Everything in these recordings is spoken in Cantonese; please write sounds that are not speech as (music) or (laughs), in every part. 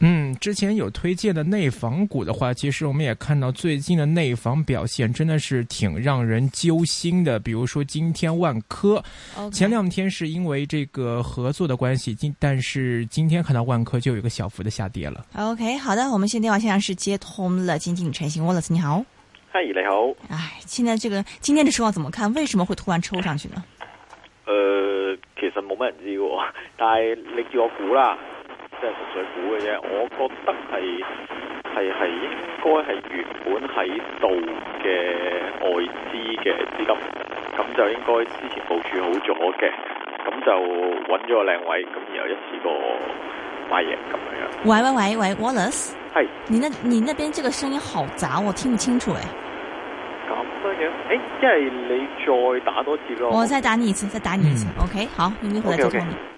嗯，之前有推薦的內房股的話，其實我們也看到最近的內房表現真的是挺讓人揪心的。比如說今天萬科，okay. 前兩天是因為這個合作的關係，今但是今天看到萬科就有一個小幅的下跌了。OK，好的，我們現在電話線上是接通了，基金經理陳昕沃勒斯你好，嗨、hey，你好。哎，現在這個今天的狀況怎麼看？為什麼會突然抽上去呢？呃，其實冇乜人知嘅，但係你叫我估啦。即係純粹估嘅啫，我覺得係係係應該係原本喺度嘅外資嘅資金，咁就應該之前部署好咗嘅，咁就揾咗個靚位，咁然後一次過買贏咁樣。喂喂喂喂，Wallace，係、hey. 你那你邊這個聲音好雜，我聽唔清楚誒、欸。咁樣，誒、欸，即係你再打多次咯。我再打你一次，再打你一次、mm.，OK，好，你一會再 call 你。Okay, okay.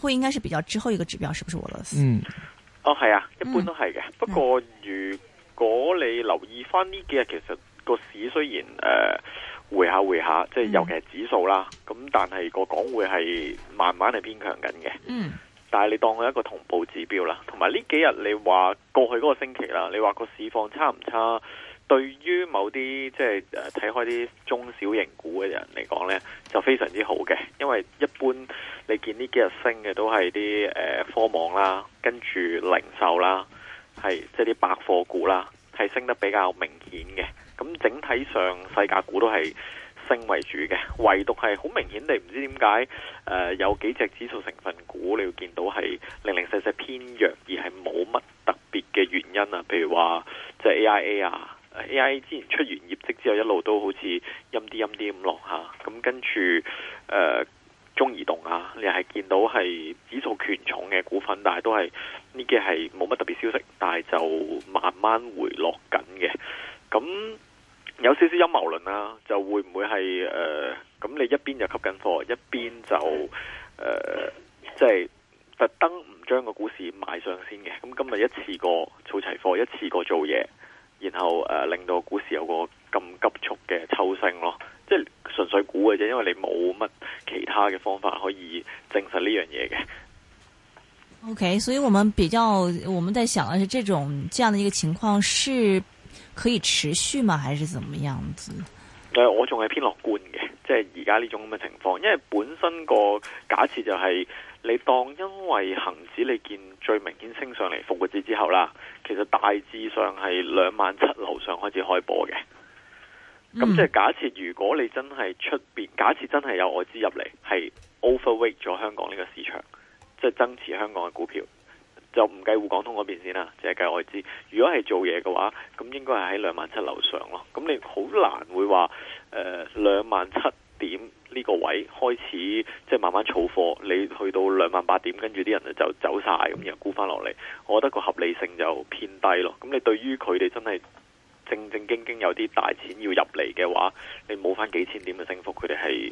會應該是比較滯後一個指標，是不是俄羅斯？嗯，哦係啊，一般都係嘅、嗯。不過如果你留意返呢幾日，其實個市雖然誒、呃、回下回下，即係尤其係指數啦，咁、嗯、但係個港匯係慢慢係偏強緊嘅。嗯，但係你當佢一個同步指標啦。同埋呢幾日你話過去嗰個星期啦，你話個市況差唔差？對於某啲即係睇開啲中小型股嘅人嚟講呢，就非常之好嘅，因為一般你見呢幾日升嘅都係啲、呃、科網啦，跟住零售啦，係即係啲百貨股啦，係升得比較明顯嘅。咁整體上世界股都係升為主嘅，唯獨係好明顯地唔知點解、呃、有幾隻指數成分股，你要見到係零零四四偏弱，而係冇乜特別嘅原因啊，譬如話即係 AIA 啊。A.I. 之前出完業績之後，一路都好似陰啲陰啲咁落下咁，跟住誒、呃、中移動啊，你係見到係指數權重嘅股份，但係都係呢啲係冇乜特別消息，但係就慢慢回落緊嘅。咁有少少陰謀論啦、啊，就會唔會係誒咁？呃、那你一邊就吸緊貨，一邊就誒即係特登唔將個股市賣上先嘅。咁今日一次過儲齊貨，一次過做嘢。然後誒、呃，令到股市有個咁急速嘅抽升咯，即係純粹估嘅啫，因為你冇乜其他嘅方法可以證實呢樣嘢嘅。OK，所以我們比較我們在想嘅是，這種這樣的一個情況是可以持續嗎，還是怎麼樣子？誒、呃，我仲係偏樂觀嘅，即係而家呢種咁嘅情況，因為本身個假設就係。你當，因為恒指你見最明顯升上嚟，復活節之後啦，其實大致上係兩萬七樓上開始開波嘅。咁、嗯、即係假設如果你真係出邊，假設真係有外資入嚟，係 overweight 咗香港呢個市場，即係增持香港嘅股票，就唔計滬港通嗰邊先啦，即係計外資。如果係做嘢嘅話，咁應該係喺兩萬七樓上咯。咁你好難會話誒兩萬七點。呢個位開始即係慢慢儲貨，你去到兩萬八點，跟住啲人就走晒，咁然後又沽翻落嚟。我覺得個合理性就偏低咯。咁你對於佢哋真係正正經經有啲大錢要入嚟嘅話，你冇翻幾千點嘅升幅，佢哋係。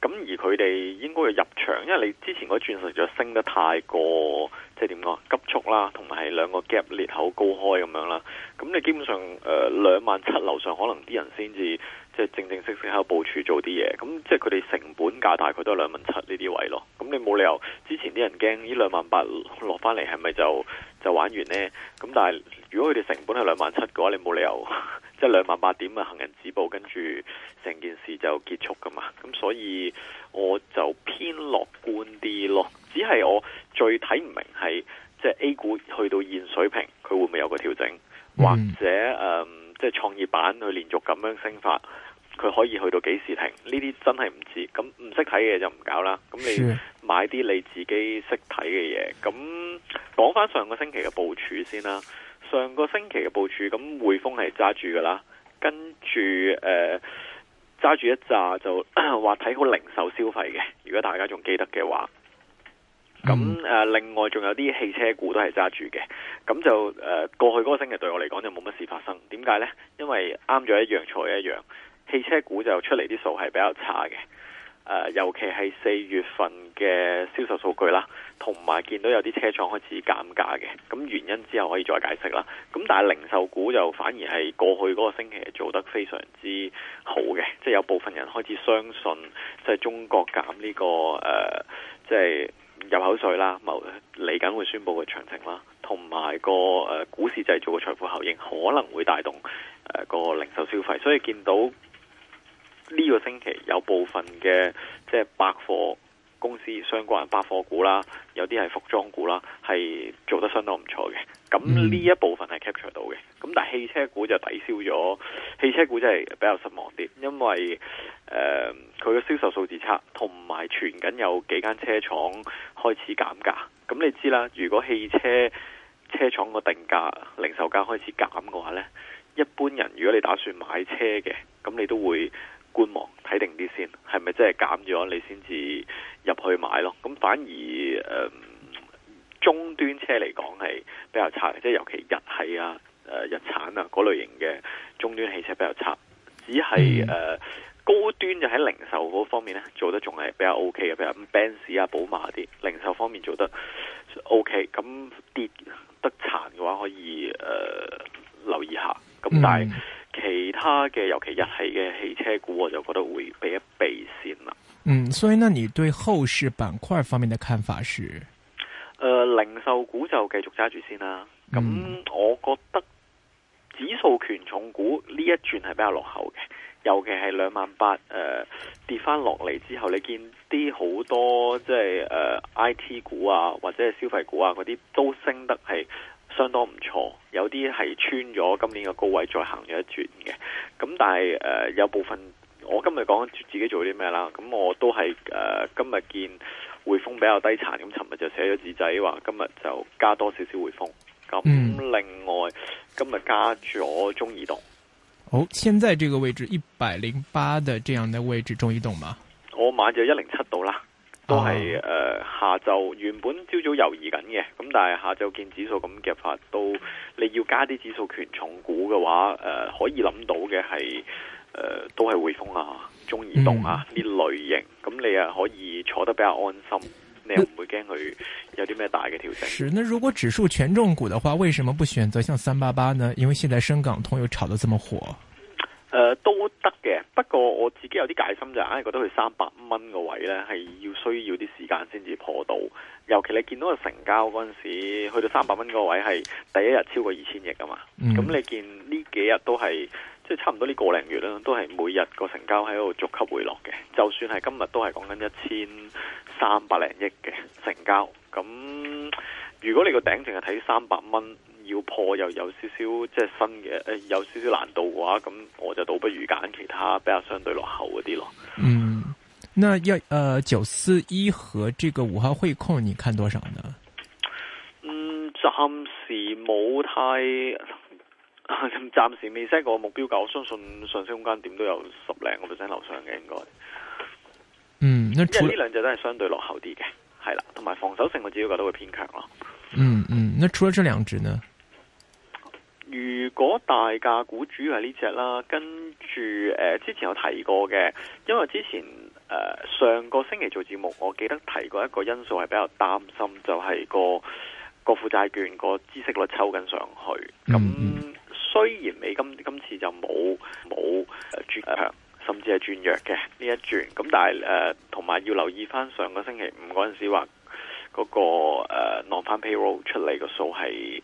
咁而佢哋應該要入場，因為你之前嗰轉勢就升得太過，即係點講急速啦，同埋兩個 gap 裂口高開咁樣啦。咁你基本上誒，兩萬七樓上，可能啲人先至、就是、即係正正式式喺度部署做啲嘢。咁即係佢哋成本價大概都係兩萬七呢啲位咯。咁你冇理由之前啲人驚呢兩萬八落翻嚟，係咪就就玩完呢？咁但係如果佢哋成本係兩萬七嘅話，你冇理由。即係兩萬八點嘅行人止步，跟住成件事就結束噶嘛？咁所以我就偏樂觀啲咯。只係我最睇唔明係，即係 A 股去到現水平，佢會唔會有個調整？或者誒，即係創業板佢連續咁樣升法，佢可以去到幾時停？呢啲真係唔知。咁唔識睇嘅就唔搞啦。咁你買啲你自己識睇嘅嘢。咁講翻上個星期嘅部署先啦。上個星期嘅部署，咁匯豐係揸住㗎喇，跟住誒揸住一揸就話睇好零售消費嘅。如果大家仲記得嘅話，咁誒、呃、另外仲有啲汽車股都係揸住嘅。咁就誒、呃、過去嗰個星期對我嚟講就冇乜事發生。點解呢？因為啱咗一樣錯一樣，汽車股就出嚟啲數係比較差嘅。誒，尤其係四月份嘅銷售數據啦，同埋見到有啲車廠開始減價嘅，咁原因之後可以再解釋啦。咁但係零售股就反而係過去嗰個星期係做得非常之好嘅，即係有部分人開始相信即係中國減呢個誒，即係入口稅啦，某嚟緊會宣佈嘅詳情啦，同埋個誒股市製造嘅財富效應可能會帶動誒個零售消費，所以見到。呢、這個星期有部分嘅即係百貨公司相關百貨股啦，有啲係服裝股啦，係做得相當唔錯嘅。咁呢一部分係 capture 到嘅。咁但係汽車股就抵消咗，汽車股真係比較失望啲，因為佢嘅、呃、銷售數字差，同埋傳緊有幾間車廠開始減價。咁你知啦，如果汽車車廠個定價零售價開始減嘅話呢，一般人如果你打算買車嘅，咁你都會。觀望睇定啲先，係咪真係減咗你先至入去買咯？咁反而誒、呃，中端車嚟講，係比較差嘅，即係尤其日系啊、誒、呃、日產啊嗰類型嘅中端汽車比較差。只係誒、呃嗯、高端就喺零售嗰方面咧做得仲係比較 O K 嘅，譬如咁 Benz 啊、寶馬啲零售方面做得 O K。咁跌得殘嘅話，可以誒、呃、留意下。咁但係。嗯其他嘅，尤其日系嘅汽車股，我就覺得會避一避先啦。嗯，所以呢，你對後市板塊方面的看法是？呃、零售股就繼續揸住先啦。咁、嗯、我覺得指數權重股呢一轉係比較落後嘅，尤其係兩萬八誒跌翻落嚟之後，你見啲好多即係誒、呃、IT 股啊，或者係消費股啊嗰啲都升得係。相當唔錯，有啲係穿咗今年嘅高位再行咗一轉嘅，咁但係誒、呃、有部分我今日講自己做啲咩啦，咁、嗯嗯、我都係誒今日見匯豐比較低殘，咁尋日就寫咗紙仔話今日就加多少少匯豐，咁另外今日加咗中移動。好，現在這個位置一百零八的這樣的位置中移動嗎？我買咗一零七度啦。都係誒、呃、下晝，原本朝早猶豫緊嘅，咁但係下晝見指數咁嘅法，都你要加啲指數權重股嘅話，誒、呃、可以諗到嘅係誒都係匯豐啊、中移動啊呢、嗯、類型，咁你啊可以坐得比較安心，你又唔會驚佢有啲咩大嘅調整。是，那如果指數權重股嘅話，為什麼不選擇像三八八呢？因為現在深港通又炒得咁火。誒、呃，都得嘅。三百蚊個位呢係要需要啲時間先至破到。尤其你見到個成交嗰陣時，去到三百蚊個位係第一日超過二千億啊嘛。咁、嗯、你見呢幾日都係即係差唔多呢個零月啦，都係每日個成交喺度逐級回落嘅。就算係今日都係講緊一千三百零億嘅成交。咁如果你個頂淨係睇三百蚊。破又有少少即係新嘅，誒、呃，有少少難度嘅話，咁我就倒不如揀其他比較相對落後嗰啲咯。嗯，那要誒九四一和這個五號匯控，你看多少呢？嗯，暫時冇太，暫時未 set 過目標價，我相信上升空間點都有十零個 percent 樓上嘅應該。嗯，因為呢兩隻都係相對落後啲嘅，係啦，同埋防守性我自己覺得會偏強咯。嗯嗯，那除咗這兩隻呢？如果大價股主要係呢隻啦，跟住誒、呃、之前有提過嘅，因為之前誒、呃、上個星期做節目，我記得提過一個因素係比較擔心，就係、是、個國庫債券個孳息率抽緊上去。咁雖然美金今次就冇冇、呃、轉強、呃，甚至係轉弱嘅呢一轉，咁但係誒同埋要留意翻上,上個星期五嗰陣時話嗰、那個誒攞、那個呃、Non-farm payroll 出嚟嘅數係。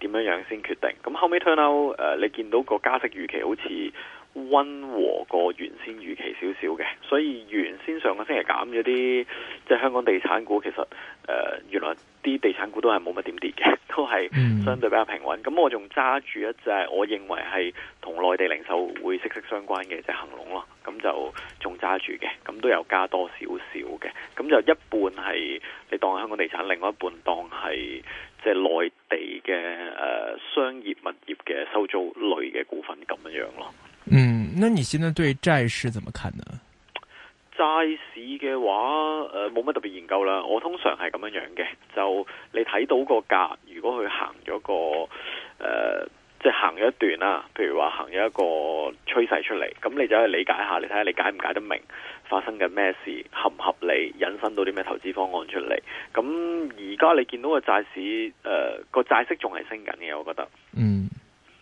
點樣樣先決定？咁後尾 turn out，誒、呃、你見到個加息預期好似，溫和過原先預期少少嘅，所以原先上個星期減咗啲，即係香港地產股其實誒、呃、原來啲地產股都係冇乜點跌嘅，都係相對比較平穩。咁我仲揸住一隻，我認為係同內地零售會息息相關嘅，就恒、是、隆咯。咁就仲揸住嘅，咁都有加多少少嘅。咁就一半係你當係香港地產，另外一半當係即係內地嘅誒、呃、商業物業嘅收租類嘅股份咁樣樣咯。嗯，那你現在對債市怎麼看呢？債市嘅話，誒、呃，冇乜特別研究啦。我通常係咁樣樣嘅，就你睇到個價，如果佢行咗個誒、呃，即係行咗一段啦、啊，譬如話行咗一個趨勢出嚟，咁你就可以理解下，你睇下你解唔解得明發生緊咩事，合唔合理，引申到啲咩投資方案出嚟。咁而家你見到個債市，誒、呃，個債息仲係升緊嘅，我覺得，嗯。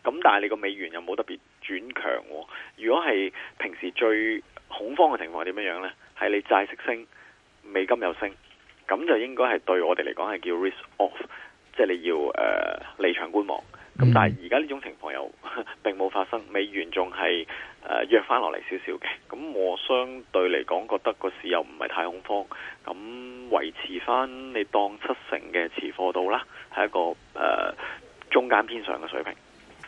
咁但係你個美元又冇特別。轉強，如果係平時最恐慌嘅情況點樣樣呢？係你債息升，美金又升，咁就應該係對我哋嚟講係叫 risk off，即係你要誒離、呃、場觀望。咁但係而家呢種情況又並冇發生，美元仲係誒約翻落嚟少少嘅，咁我相對嚟講覺得個市又唔係太恐慌，咁維持翻你當七成嘅持貨度啦，係一個誒、呃、中間偏上嘅水平。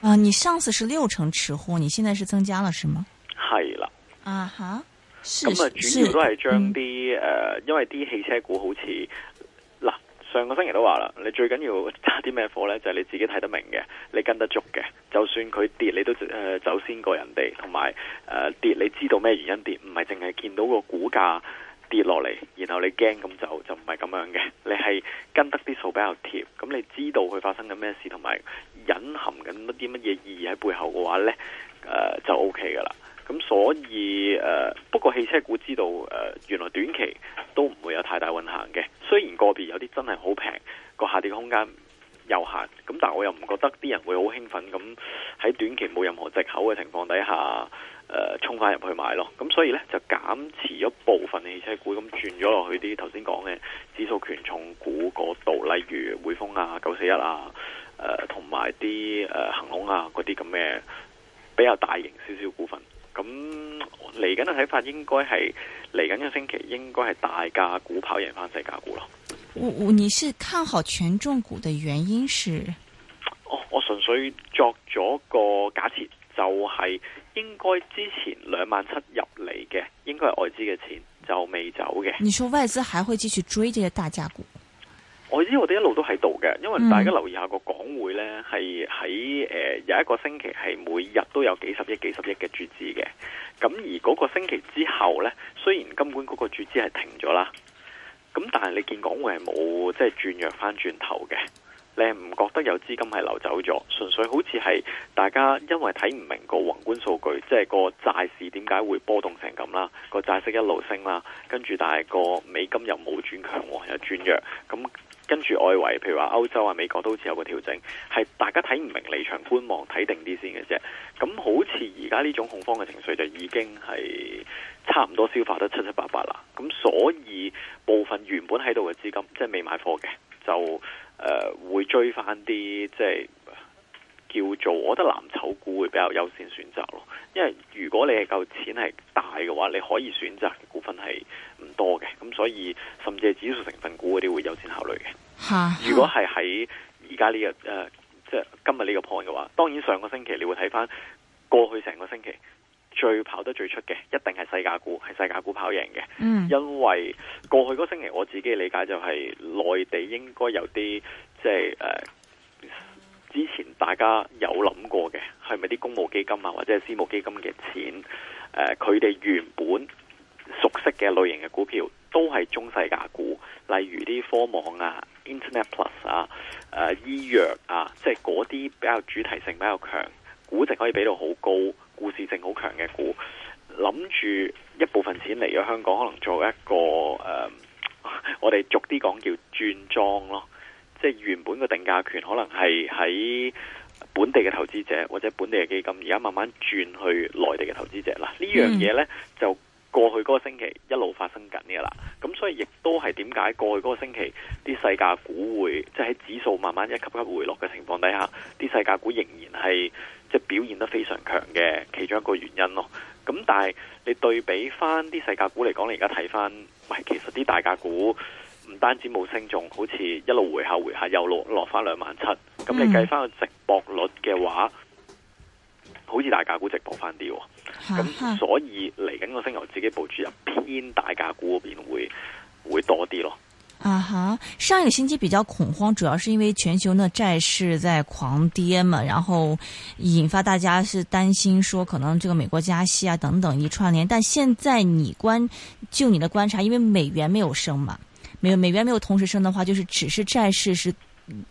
啊、uh,！你上次是六成持貨，你現在是增加了是嗎？係、uh、啦 -huh,。啊哈，咁啊，主要都係將啲誒、嗯呃，因為啲汽車股好似嗱，上個星期都話啦，你最緊要揸啲咩貨咧，就係、是、你自己睇得明嘅，你跟得足嘅，就算佢跌，你都誒、呃、走先過人哋，同埋誒跌，你知道咩原因跌，唔係淨係見到個股價跌落嚟，然後你驚咁走，就唔係咁樣嘅，你係跟得啲數比較貼，咁你知道佢發生緊咩事，同埋。隱含緊一啲乜嘢意義喺背後嘅話呢，誒、呃、就 O K 嘅啦。咁所以誒、呃，不過汽車股知道誒、呃，原來短期都唔會有太大運行嘅。雖然個別有啲真係好平，個下跌嘅空間有限，咁但係我又唔覺得啲人會好興奮，咁喺短期冇任何藉口嘅情況底下，誒、呃、衝翻入去買咯。咁所以呢，就減持咗部分汽車股，咁轉咗落去啲頭先講嘅指數權重股嗰度，例如匯豐啊、九四一啊。誒、呃，同埋啲誒恒隆啊，嗰啲咁嘅比較大型少少股份，咁嚟緊嘅睇法應該係嚟緊一個星期應是，應該係大價股跑贏翻細價股咯。我我，你是看好權重股的原因是？哦，我純粹作咗個假設，就係、是、應該之前兩萬七入嚟嘅，應該係外資嘅錢，就未走嘅。你說外資還會繼續追這些大價股？我知我哋一路都喺度嘅，因為大家留意下個港匯咧，係喺誒有一個星期係每日都有幾十億、幾十億嘅注資嘅。咁而嗰個星期之後咧，雖然金管局個注資係停咗啦，咁但係你見港匯係冇即係轉弱翻轉頭嘅，你係唔覺得有資金係流走咗？純粹好似係大家因為睇唔明個宏觀數據，即係個債市點解會波動成咁啦？個債息一路升啦，跟住但係個美金又冇轉強又轉弱咁。跟住外圍譬如話歐洲啊、美國都好似有個調整，係大家睇唔明，離場觀望睇定啲先嘅啫。咁好似而家呢種恐慌嘅情緒就已經係差唔多消化得七七八八啦。咁所以部分原本喺度嘅資金，即係未買貨嘅，就誒、呃、會追翻啲，即係叫做我覺得藍籌股會比較優先選擇咯。因為如果你係夠錢係大嘅話，你可以選擇嘅股份係唔多嘅，咁所以甚至係指數成分股嗰啲會有。如果係喺而家呢個誒，即、呃、係、就是、今日呢個 point 嘅話，當然上個星期你會睇返過去成個星期最跑得最出嘅，一定係細價股，係細價股跑贏嘅、嗯。因為過去嗰星期我自己理解就係內地應該有啲，即係之前大家有諗過嘅係咪啲公募基金啊，或者係私募基金嘅錢，佢哋、呃、原本熟悉嘅類型嘅股票都係中細價股，例如啲科網啊。Internet Plus 啊，誒、啊、醫藥啊，即係嗰啲比較主題性比較強，估值可以俾到好高，故事性好強嘅股，諗住一部分錢嚟咗香港，可能做一個誒、啊，我哋逐啲講叫轉莊咯，即、就、係、是、原本嘅定價權可能係喺本地嘅投資者或者本地嘅基金，而家慢慢轉去內地嘅投資者。嗱、啊，呢樣嘢呢，就過去嗰個星期一路發生緊嘅啦，咁所以亦都係點解過去嗰個星期啲細價股會即係喺指數慢慢一級一級回落嘅情況底下，啲細價股仍然係即係表現得非常強嘅其中一個原因咯。咁但係你對比翻啲細價股嚟講，你而家睇翻，喂，其實啲大價股唔單止冇升重，仲好似一路回下回下又落落翻兩萬七。咁你計翻個值博率嘅話。嗯好似大價股值博翻啲，咁、啊、所以嚟緊個升浪自己部署入偏大價股嗰邊會會多啲咯。啊哈，上一個星期比較恐慌，主要是因為全球嘅債市在狂跌嘛，然後引發大家是擔心說可能這個美國加息啊等等一串聯。但現在你觀就你的觀察，因為美元沒有升嘛，沒有美元沒有同時升的話，就是只是債市是。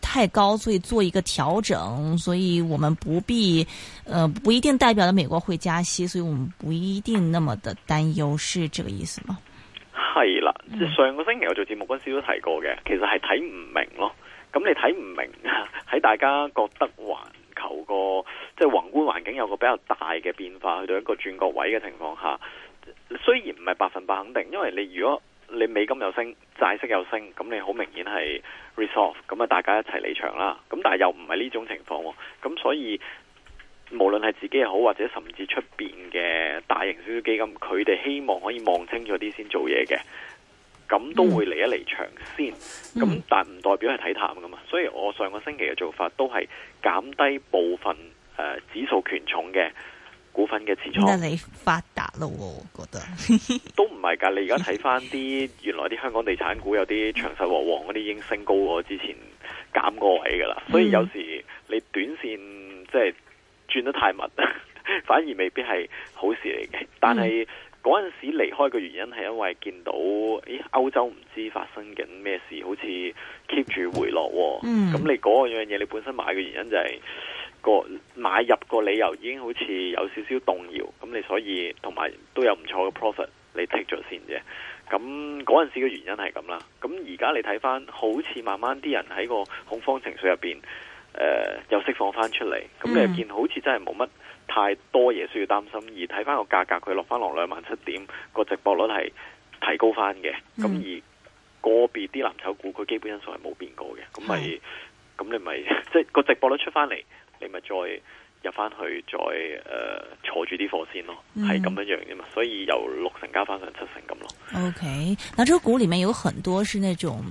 太高，所以做一個調整，所以我們不必，呃，不一定代表了美國會加息，所以我們不一定那麼的擔憂，是這個意思嗎？係啦，上個星期我做節目嗰時都提過嘅，其實係睇唔明咯。咁、嗯嗯、你睇唔明啊，喺大家覺得環球個即係、就是、宏觀環境有個比較大嘅變化，去到一個轉角位嘅情況下，雖然唔係百分百肯定，因為你如果。你美金又升，債息又升，咁你好明顯係 resolve，咁啊大家一齊離場啦。咁但係又唔係呢種情況，咁所以無論係自己又好，或者甚至出邊嘅大型小小基金，佢哋希望可以望清楚啲先做嘢嘅，咁都會離一離場先。咁但唔代表係睇淡噶嘛，所以我上個星期嘅做法都係減低部分、呃、指數權重嘅股份嘅持倉，你發達咯，我覺得都唔係噶。你而家睇翻啲原來啲香港地產股有啲長實和黃嗰啲已經升高過之前減過位噶啦。所以有時你短線即係轉得太密，反而未必係好事嚟嘅。但係嗰陣時離開嘅原因係因為見到咦歐洲唔知發生緊咩事，好似 keep 住回落。嗯，咁你嗰樣嘢你本身買嘅原因就係。個買入個理由已經好似有少少動搖，咁你所以同埋都有唔錯嘅 profit，你 take 咗先啫。咁嗰陣時嘅原因係咁啦。咁而家你睇翻，好似慢慢啲人喺個恐慌情緒入邊，誒、呃、又釋放翻出嚟。咁你又見好似真係冇乜太多嘢需要擔心，而睇翻個價格，佢落翻落兩萬七點，個直播率係提高翻嘅。咁而個別啲藍籌股，佢基本因素係冇變過嘅。咁咪咁你咪即係個直播率出翻嚟。你咪再入翻去再，誒、呃、坐住啲貨先咯，係、嗯、咁樣樣啫嘛，所以由六成加翻上七成咁咯。O K，嗱，藍籌股裏面有很多是那種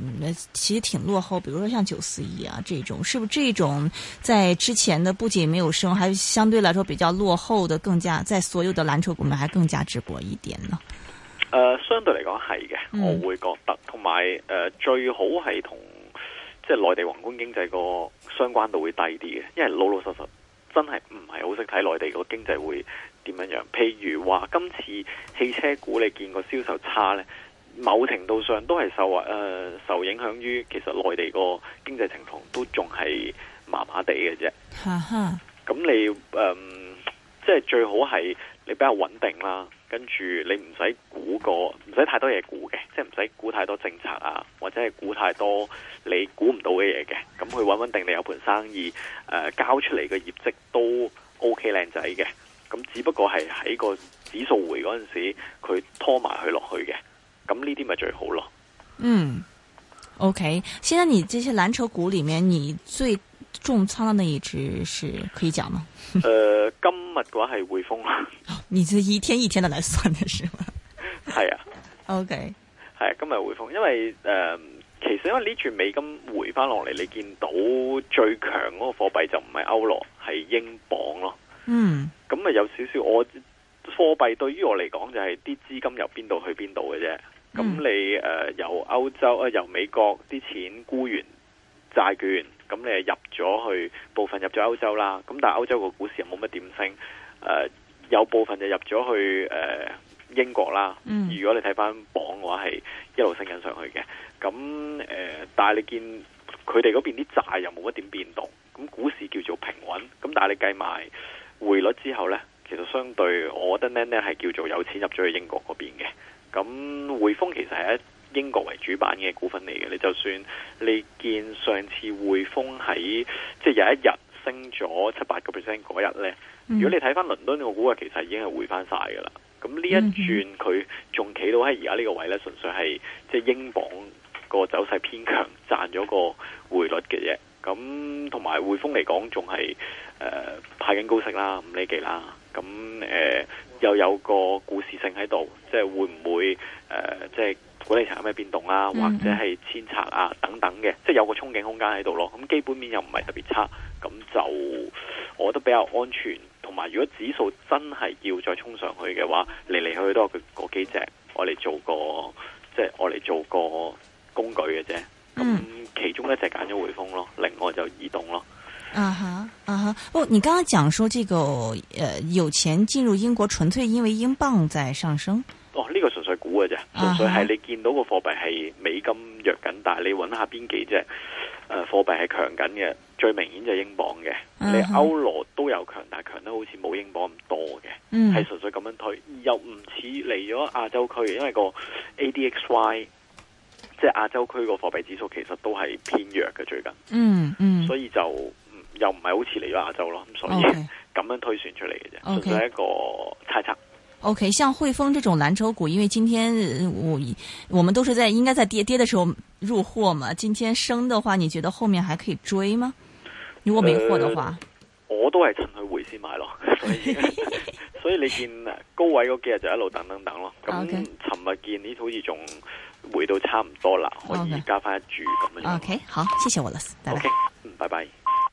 其實挺落後，比如說像九四一啊這種，是不是這種在之前的不僅沒有升，還相對來說比較落後的，更加在所有的藍籌股裏面還更加直播一點呢？誒、呃，相對嚟講係嘅，我會覺得，同埋誒最好係同。即係內地宏觀經濟個相關度會低啲嘅，因為老老實實真係唔係好識睇內地個經濟會點樣樣。譬如話今次汽車股你見個銷售差呢，某程度上都係受誒、呃、受影響於其實內地個經濟情況都仲係麻麻地嘅啫。咁你誒、呃，即係最好係你比較穩定啦。跟住你唔使估個，唔使太多嘢估嘅，即係唔使估太多政策啊，或者係估太多你估唔到嘅嘢嘅，咁佢穩穩定定有盤生意，誒、呃、交出嚟嘅業績都 OK 靚仔嘅，咁只不過係喺個指數回嗰陣時，佢拖埋佢落去嘅，咁呢啲咪最好咯。嗯，OK，先生，你這些藍籌股裏面，你最。重倉那一支是可以講嗎？誒、 (laughs) 呃，今日嘅話係匯豐啦。 (laughs) 你就一天一天地來算嘅是嗎？係 (laughs) 啊。OK，係、啊、今日匯豐，因為誒、呃，其實因為呢串美金回翻落嚟，你見到最強嗰個貨幣就唔係歐羅，係英鎊咯。嗯。咁啊，有少少我貨幣對於我嚟講就係啲資金由邊度去邊度嘅啫。咁、嗯、你誒、呃、由歐洲啊、呃、由美國啲錢沽完債券。咁你入咗去部分入咗歐洲啦，咁但係歐洲個股市又冇乜點升，誒、呃、有部分就入咗去誒、呃、英國啦。嗯、如果你睇翻榜嘅話，係一路升緊上去嘅。咁誒、呃，但係你見佢哋嗰邊啲債又冇乜點變動，咁股市叫做平穩。咁但係你計埋匯率之後咧，其實相對我覺得咧咧係叫做有錢入咗去英國嗰邊嘅。咁匯豐其實係一。英國為主板嘅股份嚟嘅，你就算你見上次匯豐喺即係有一日升咗七八個 percent 嗰日咧，如果你睇翻倫敦個股，啊，其實已經係回翻晒噶啦。咁呢一轉佢仲企到喺而家呢個位咧，純粹係即係英鎊個走勢偏強，賺咗個匯率嘅啫。咁同埋匯豐嚟講，仲係誒派緊高息啦，五厘幾啦。咁誒、呃、又有個故事性喺度，即、就、係、是、會唔會誒即係，呃就是管理層有咩變動啊，或者係遷冊啊等等嘅，嗯，即係有個憧憬空間喺度咯。咁基本面又唔係特別差，咁就我覺得比較安全。同埋，如果指數真係要再衝上去嘅話，嚟嚟去去都係佢嗰幾隻，我嚟做個即係我嚟做個工具嘅啫。咁其中一隻揀咗匯豐咯，另外就移動咯。啊哈啊哈，哦，你剛剛講說，這個誒、呃、有錢進入英國，純粹因為英鎊在上升。哦，呢個純粹估嘅啫，純粹係你見到個貨幣係美金弱緊，uh -huh. 但係你搵下邊幾隻誒貨幣係強緊嘅，最明顯就係英鎊嘅，uh -huh. 你歐羅都有強，但係強得好似冇英鎊咁多嘅，係純粹，uh -huh. 咁樣推，又唔似嚟咗亞洲區，因為個 ADXY 即係亞洲區個貨幣指數其實都係偏弱嘅最近，嗯嗯，所以就又唔係好似嚟咗亞洲咯，咁所以咁樣推算出嚟嘅啫，純粹，okay. 一個猜測。OK，像匯豐這種藍籌股，因為今天我我們都是在應該在跌跌的時候入貨嘛。今天升的話，你覺得後面還可以追嗎？如果沒貨的話，呃、我都係趁佢回先買咯。所以， (laughs) 所以你見高位嗰幾日就一路等等等咯。咁尋日見呢好似仲回到差唔多啦，可以加翻一注咁、okay. 樣。OK，好，謝謝我老師。OK，嗯，拜拜。Okay, 拜拜。